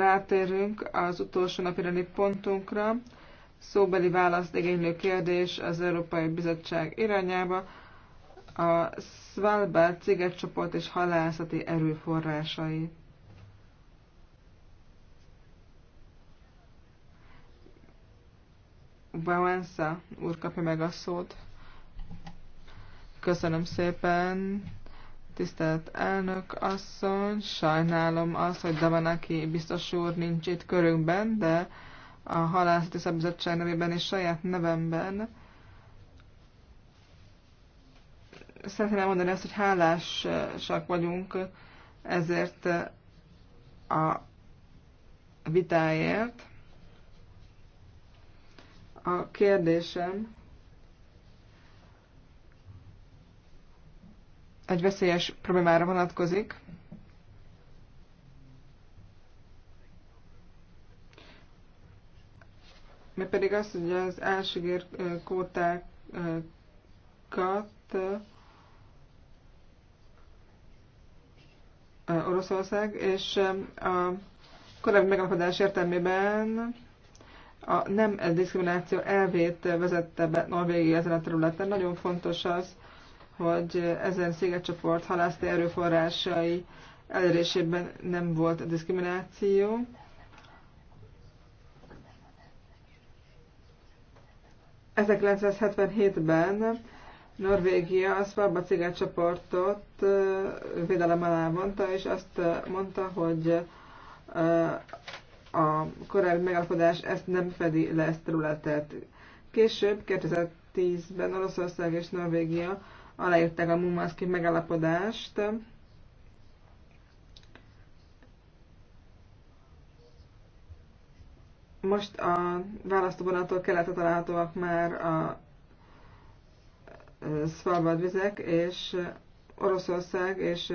rátérünk az utolsó napirendi pontunkra, szóbeli választ igénylő kérdés az Európai Bizottság irányába, a Svalbard szigetcsoport és halászati erőforrásai. Bauensa úr kapja meg a szót. Köszönöm szépen. Tisztelt elnök asszony, sajnálom azt, hogy Davanaki biztos úr nincs itt körünkben, de a halászati szabizottság nevében és saját nevemben szeretném mondani azt, hogy hálásak vagyunk ezért a vitáért. A kérdésem egy veszélyes problémára vonatkozik. Mi pedig az, hogy az elsőgér kótákat Oroszország, és a korábbi megalapodás értelmében a nem diszkrimináció elvét vezette be Norvégia ezen a területen. Nagyon fontos az, hogy ezen szigetcsoport halászti erőforrásai elérésében nem volt diszkrimináció. Ezek 1977-ben Norvégia a Svalbard szigetcsoportot védelem alá vonta, és azt mondta, hogy a korábbi megállapodás ezt nem fedi le ezt területet. Később, 2010-ben Oroszország és Norvégia aláírták a Mumaszki megállapodást. Most a választóvonattól keletre találhatóak már a Svalbard vizek, és Oroszország és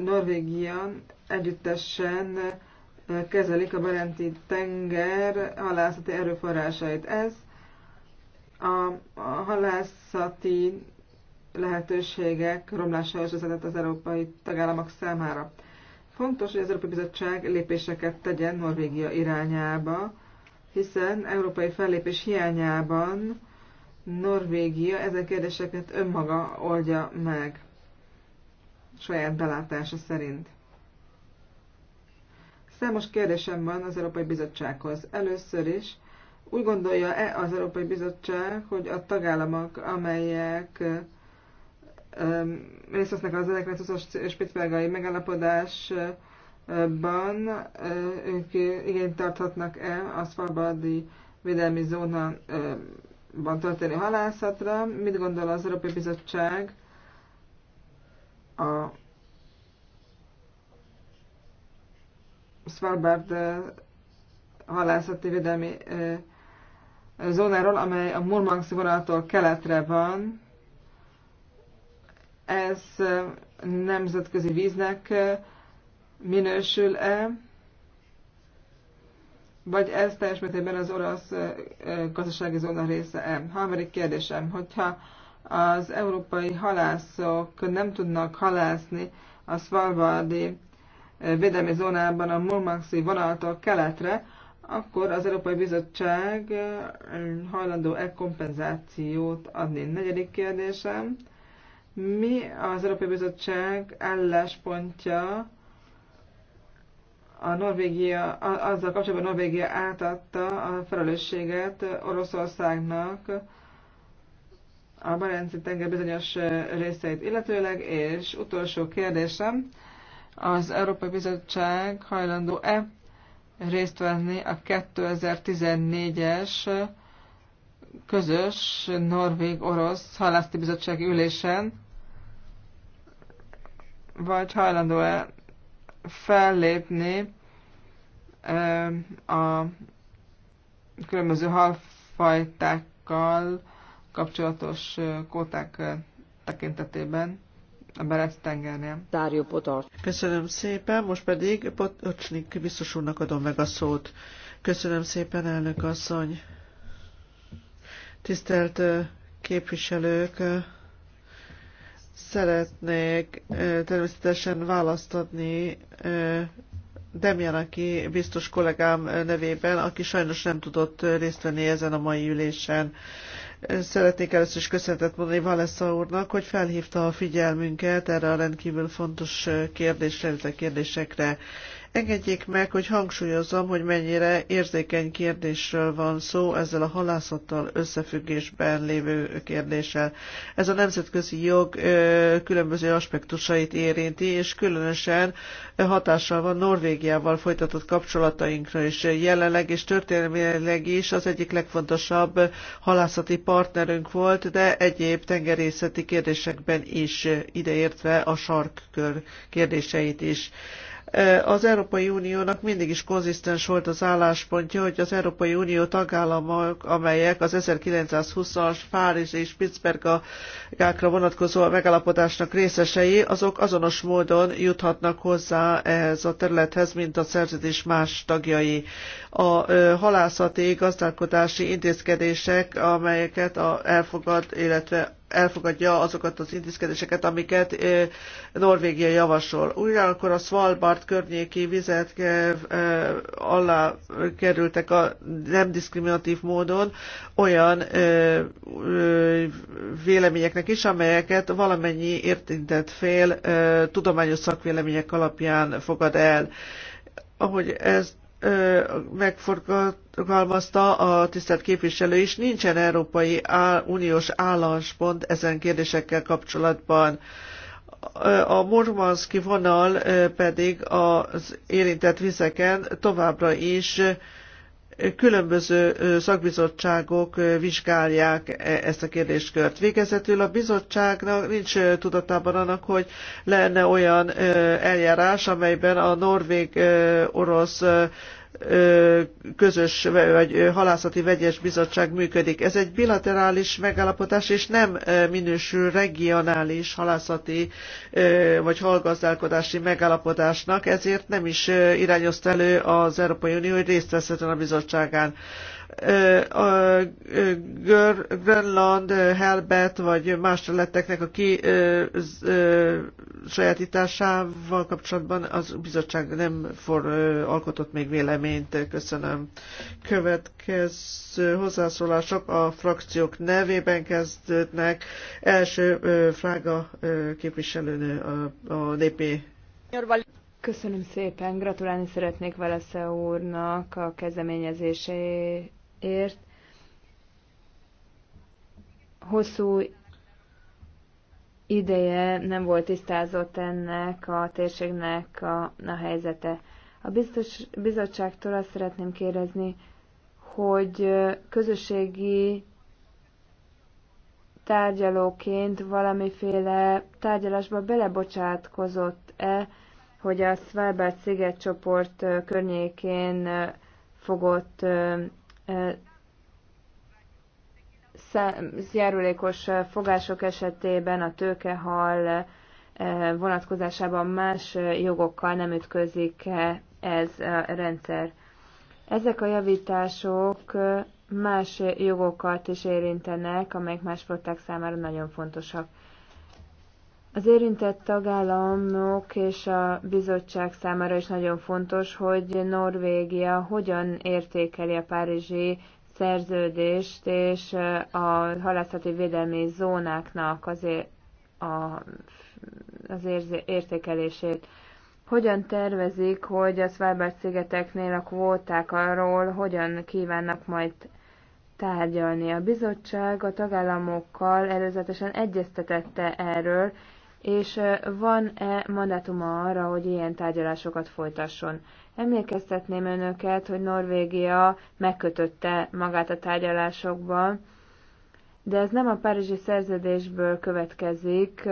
Norvégia együttesen kezelik a Barenti tenger halászati erőforrásait. Ez a, a halászati lehetőségek romlásához vezetett az európai tagállamok számára. Fontos, hogy az Európai Bizottság lépéseket tegyen Norvégia irányába, hiszen európai fellépés hiányában Norvégia ezen kérdéseket önmaga oldja meg saját belátása szerint. Számos kérdésem van az Európai Bizottsághoz. Először is, úgy gondolja-e az Európai Bizottság, hogy a tagállamok, amelyek részt vesznek az 1920-as Spitzbergai megállapodásban, ők igényt tarthatnak el a szabadi védelmi zónában történő halászatra. Mit gondol az Európai Bizottság a Svalbard halászati védelmi zónáról, amely a Murmansk vonaltól keletre van, ez nemzetközi víznek minősül-e, vagy ez teljes mértékben az orosz gazdasági zóna része-e? Harmadik kérdésem, hogyha az európai halászok nem tudnak halászni a Svalbardi védelmi zónában a Murmanski vonaltól keletre, akkor az Európai Bizottság hajlandó-e kompenzációt adni? Negyedik kérdésem, mi az Európai Bizottság álláspontja a Norvégia, azzal kapcsolatban Norvégia átadta a felelősséget Oroszországnak a Barenci tenger bizonyos részeit illetőleg, és utolsó kérdésem, az Európai Bizottság hajlandó-e részt venni a 2014-es közös norvég-orosz halászti bizottsági ülésen, vagy hajlandó-e fellépni a különböző halfajtákkal kapcsolatos kóták tekintetében a Berec tengernél. Dárjó Potor. Köszönöm szépen, most pedig Potocsnik biztos úrnak adom meg a szót. Köszönöm szépen, elnök asszony. Tisztelt képviselők, Szeretnék természetesen választatni Demian, aki biztos kollégám nevében, aki sajnos nem tudott részt venni ezen a mai ülésen. Szeretnék először is köszönetet mondani Valesza úrnak, hogy felhívta a figyelmünket erre a rendkívül fontos kérdésre, illetve kérdésekre, Engedjék meg, hogy hangsúlyozzam, hogy mennyire érzékeny kérdésről van szó ezzel a halászattal összefüggésben lévő kérdéssel. Ez a nemzetközi jog különböző aspektusait érinti, és különösen hatással van Norvégiával folytatott kapcsolatainkra is. Jelenleg és történelmileg is az egyik legfontosabb halászati partnerünk volt, de egyéb tengerészeti kérdésekben is, ideértve a sarkkör kérdéseit is. Az Európai Uniónak mindig is konzisztens volt az álláspontja, hogy az Európai Unió tagállamok, amelyek az 1920-as Párizs és Pittsburghákra vonatkozó megállapodásnak részesei, azok azonos módon juthatnak hozzá ehhez a területhez, mint a szerződés más tagjai. A halászati gazdálkodási intézkedések, amelyeket a elfogad, illetve elfogadja azokat az intézkedéseket, amiket Norvégia javasol. Ugyanakkor a Svalbard környéki vizet alá kerültek a nem diszkriminatív módon olyan véleményeknek is, amelyeket valamennyi értintett fél tudományos szakvélemények alapján fogad el. Ahogy ezt megforgalmazta a tisztelt képviselő is, nincsen Európai Uniós álláspont ezen kérdésekkel kapcsolatban. A Murmanszki vonal pedig az érintett vizeken továbbra is különböző szakbizottságok vizsgálják e, ezt a kérdéskört. Végezetül a bizottságnak nincs tudatában annak, hogy lenne olyan eljárás, amelyben a norvég-orosz közös vagy halászati vegyes bizottság működik. Ez egy bilaterális megállapodás, és nem minősül regionális halászati vagy halgazdálkodási megállapodásnak, ezért nem is irányozta elő az Európai Unió, hogy részt vesz a bizottságán a Grönland, Helbet vagy más területeknek a ki sajátításával kapcsolatban az bizottság nem for, alkotott még véleményt. Köszönöm. Következő hozzászólások a frakciók nevében kezdődnek. Első Flága képviselőnő a, a népi. Köszönöm szépen, gratulálni szeretnék Velesze úrnak a kezdeményezéséért. Hosszú ideje nem volt tisztázott ennek a térségnek a, a helyzete. A biztos, bizottságtól azt szeretném kérdezni, hogy közösségi tárgyalóként valamiféle tárgyalásba belebocsátkozott-e, hogy a Svalbard szigetcsoport környékén fogott járulékos fogások esetében a tőkehal vonatkozásában más jogokkal nem ütközik -e ez a rendszer. Ezek a javítások más jogokat is érintenek, amelyek más flották számára nagyon fontosak. Az érintett tagállamok és a bizottság számára is nagyon fontos, hogy Norvégia hogyan értékeli a Párizsi szerződést és a halászati védelmi zónáknak az, ér, a, az értékelését. Hogyan tervezik, hogy a Svalbard szigeteknél a kvóták arról hogyan kívánnak majd tárgyalni? A bizottság a tagállamokkal előzetesen egyeztetette erről, és van-e mandátuma arra, hogy ilyen tárgyalásokat folytasson. Emlékeztetném önöket, hogy Norvégia megkötötte magát a tárgyalásokban, de ez nem a Párizsi szerződésből következik,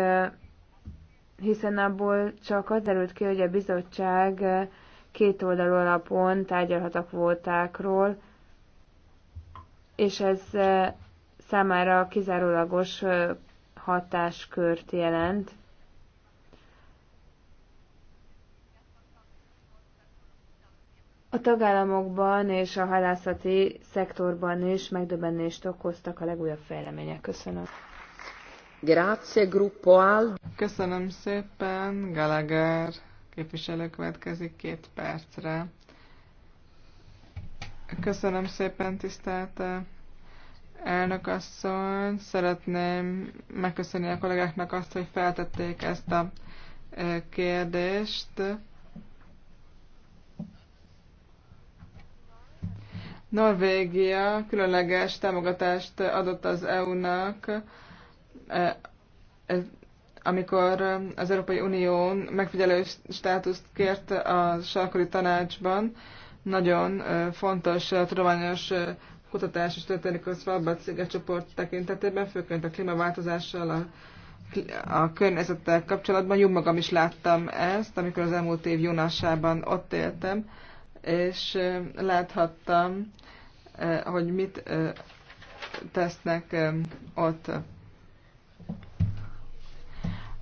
hiszen abból csak az derült ki, hogy a bizottság két oldalú alapon tárgyalhat a kvótákról, és ez számára kizárólagos hatáskört jelent. A tagállamokban és a halászati szektorban is megdöbbenést okoztak a legújabb fejlemények. Köszönöm. Grazie, Gruppo Al. Köszönöm szépen, Gallagher. Képviselő következik két percre. Köszönöm szépen, tisztelt elnök asszony. Szeretném megköszönni a kollégáknak azt, hogy feltették ezt a e, kérdést Norvégia különleges támogatást adott az EU-nak, e, e, amikor az Európai Unió megfigyelő státuszt kért a sarkori tanácsban. Nagyon e, fontos tudományos kutatás is történik a Svalbard szigetcsoport tekintetében, főként a klímaváltozással, a, a környezettel kapcsolatban. Jó magam is láttam ezt, amikor az elmúlt év júnásában ott éltem és láthattam, hogy mit tesznek ott.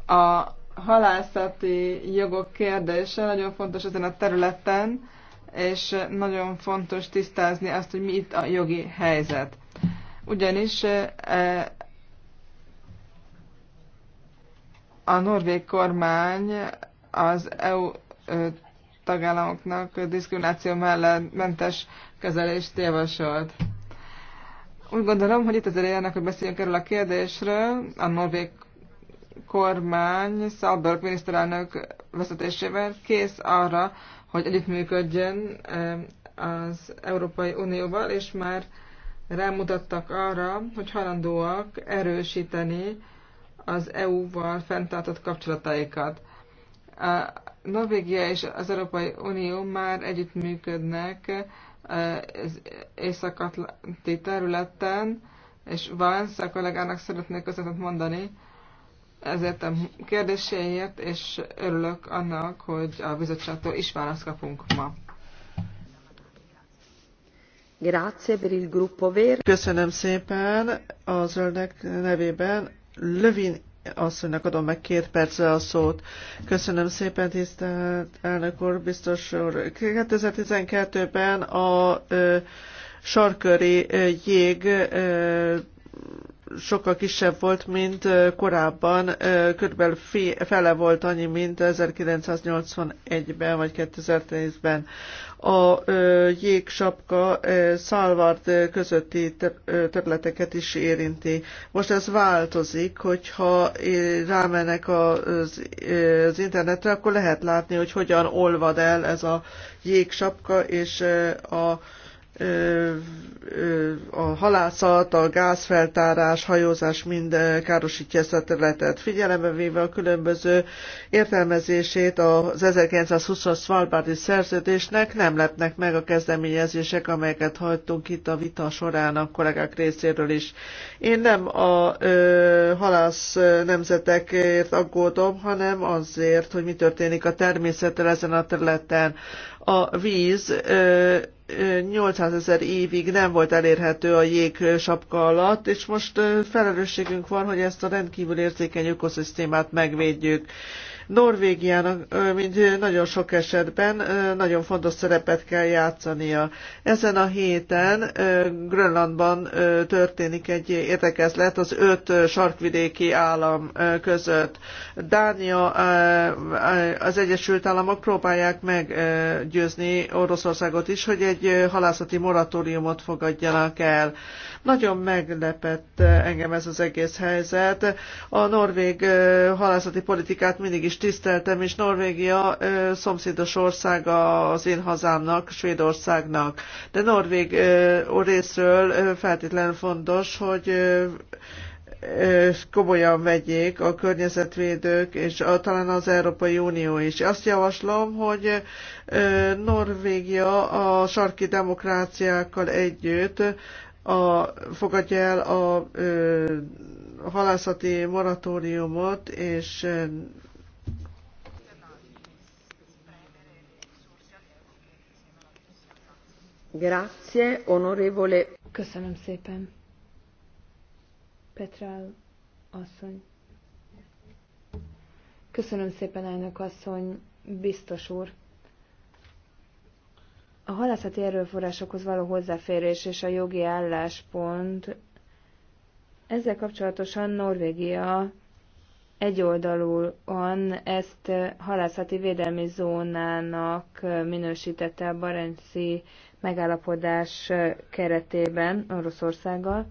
A halászati jogok kérdése nagyon fontos ezen a területen, és nagyon fontos tisztázni azt, hogy mi itt a jogi helyzet. Ugyanis a norvég kormány az EU tagállamoknak diszkrimináció mellett mentes kezelést javasolt. Úgy gondolom, hogy itt az elejének, hogy beszéljünk erről a kérdésről, a norvég kormány Szalberg miniszterelnök vezetésével kész arra, hogy együttműködjön eh, az Európai Unióval, és már rámutattak arra, hogy hajlandóak erősíteni az EU-val fenntartott kapcsolataikat. A Norvégia és az Európai Unió már együttműködnek az eh, északatlanti területen, és Vance a kollégának szeretnék köszönet mondani ezért a kérdéséért, és örülök annak, hogy a bizottságtól is választ kapunk ma. Grazie per il gruppo Köszönöm szépen a zöldek nevében. Lövin asszonynak adom meg két percre a szót. Köszönöm szépen, tisztelt elnök úr, biztos úr. 2012-ben a ö, sarköri jég ö, sokkal kisebb volt, mint korábban, körülbelül fele volt annyi, mint 1981-ben vagy 2010-ben. A jégsapka szalvart közötti területeket is érinti. Most ez változik, hogyha rámennek az, az internetre, akkor lehet látni, hogy hogyan olvad el ez a jégsapka, és a a halászat, a gázfeltárás, hajózás mind károsítja ezt a területet. Figyelembe véve a különböző értelmezését az 1920-as Svalbardi szerződésnek nem lepnek meg a kezdeményezések, amelyeket hajtunk itt a vita során a kollégák részéről is. Én nem a ö, halász nemzetekért aggódom, hanem azért, hogy mi történik a természettel ezen a területen. A víz ö, 800 ezer évig nem volt elérhető a jég sapka alatt, és most felelősségünk van, hogy ezt a rendkívül érzékeny ökoszisztémát megvédjük. Norvégiának, mint nagyon sok esetben, nagyon fontos szerepet kell játszania. Ezen a héten Grönlandban történik egy értekezlet az öt sarkvidéki állam között. Dánia, az Egyesült Államok próbálják meggyőzni Oroszországot is, hogy egy halászati moratóriumot fogadjanak el. Nagyon meglepett engem ez az egész helyzet. A norvég halászati politikát mindig is tiszteltem, és Norvégia ö, szomszédos ország az én hazámnak, Svédországnak. De Norvég ö, részről ö, feltétlenül fontos, hogy ö, komolyan vegyék a környezetvédők, és a, talán az Európai Unió is. Azt javaslom, hogy Norvégia a sarki demokráciákkal együtt a, fogadja el a, ö, halászati moratóriumot, és Grazie, onorevole. Köszönöm szépen. Petrál asszony. Köszönöm szépen, elnök asszony, biztos úr. A halászati erőforrásokhoz való hozzáférés és a jogi álláspont ezzel kapcsolatosan Norvégia egyoldalúan ezt halászati védelmi zónának minősítette a Barenci megállapodás keretében Oroszországgal.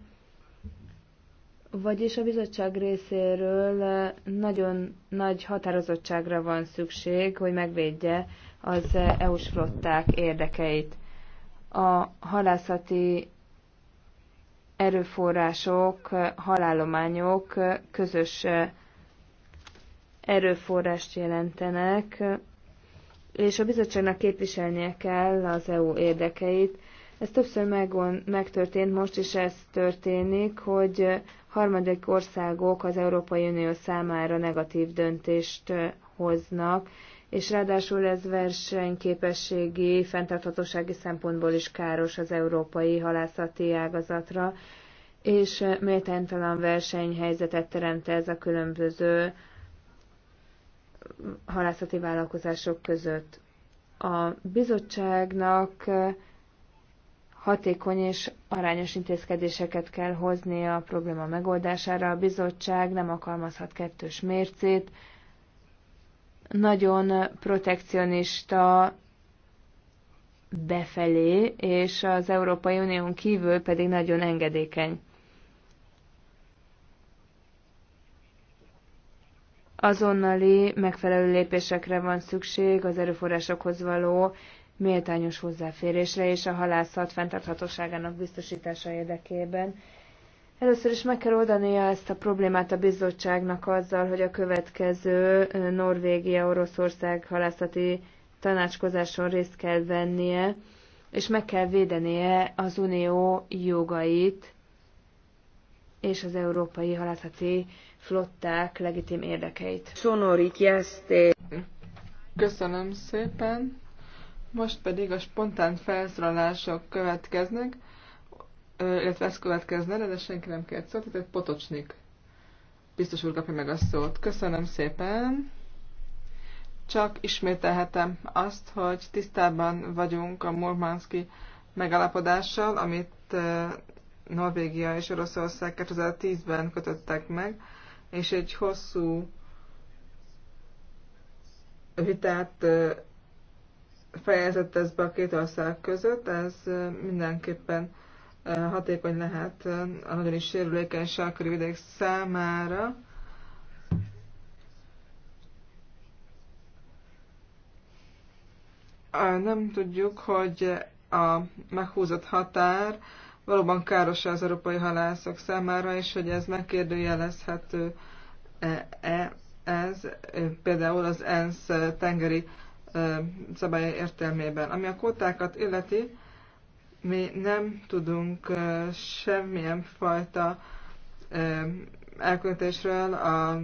Vagyis a bizottság részéről nagyon nagy határozottságra van szükség, hogy megvédje az EU-s flották érdekeit. A halászati erőforrások, halállományok közös erőforrást jelentenek, és a bizottságnak képviselnie kell az EU érdekeit. Ez többször megon, megtörtént, most is ez történik, hogy harmadik országok az Európai Unió számára negatív döntést hoznak, és ráadásul ez versenyképességi, fenntarthatósági szempontból is káros az európai halászati ágazatra, és méltánytalan versenyhelyzetet teremt ez a különböző halászati vállalkozások között. A bizottságnak eh, hatékony és arányos intézkedéseket kell hozni a probléma megoldására. A bizottság nem alkalmazhat kettős mércét. Nagyon protekcionista befelé, és az Európai Unión kívül pedig nagyon engedékeny. azonnali megfelelő lépésekre van szükség az erőforrásokhoz való méltányos hozzáférésre és a halászat fenntarthatóságának biztosítása érdekében. Először is meg kell oldania ezt a problémát a bizottságnak azzal, hogy a következő Norvégia-Oroszország halászati tanácskozáson részt kell vennie, és meg kell védenie az unió jogait és az európai halászati flották legitim érdekeit. Sonorik jeszté. Köszönöm szépen. Most pedig a spontán felszólalások következnek, illetve ez következne, de senki nem kért szót, tehát Potocsnik. Biztos úr kapja meg a szót. Köszönöm szépen. Csak ismételhetem azt, hogy tisztában vagyunk a Murmanszki megalapodással, amit Norvégia és Oroszország 2010-ben kötöttek meg, és egy hosszú vitát fejezett ez be a két ország között, ez mindenképpen hatékony lehet a nagyon is sérülékeny sarkori vidék számára. Nem tudjuk, hogy a meghúzott határ valóban káros az európai halászok számára, és hogy ez megkérdőjelezhető -e, ez például az ENSZ tengeri szabály értelmében. Ami a kótákat illeti, mi nem tudunk semmilyen fajta elköltésről a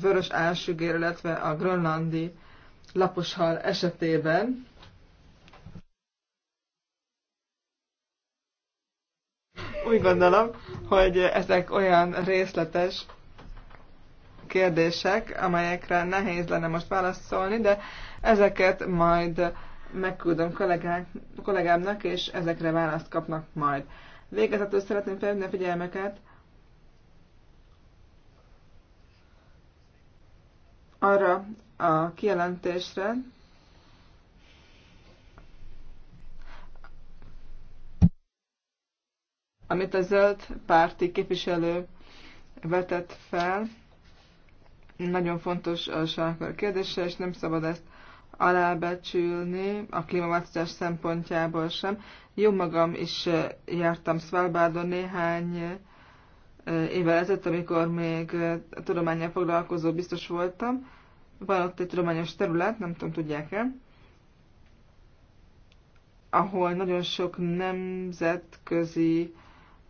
vörös álsügér, illetve a grönlandi laposhal esetében. úgy gondolom, hogy ezek olyan részletes kérdések, amelyekre nehéz lenne most válaszolni, de ezeket majd megküldöm kollégámnak, és ezekre választ kapnak majd. Végezetül szeretném felhívni a figyelmeket arra a kijelentésre, amit a zöld párti képviselő vetett fel, nagyon fontos a sarkar kérdése, és nem szabad ezt alábecsülni a klímaváltozás szempontjából sem. Jó magam is jártam Svalbardon néhány évvel ezelőtt, amikor még tudományjal foglalkozó biztos voltam. Van ott egy tudományos terület, nem tudom, tudják-e, ahol nagyon sok nemzetközi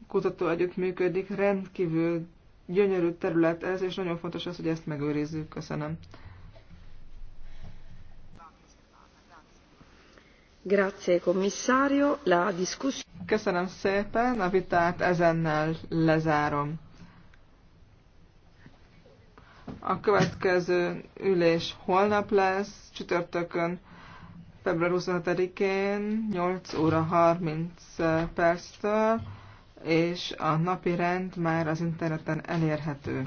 kutató működik rendkívül gyönyörű terület ez, és nagyon fontos az, hogy ezt megőrizzük. Köszönöm. Grazie, commissario. La discussione... Köszönöm szépen, a vitát ezennel lezárom. A következő ülés holnap lesz, csütörtökön, február 27-én, 8 óra 30 perctől és a napi rend már az interneten elérhető.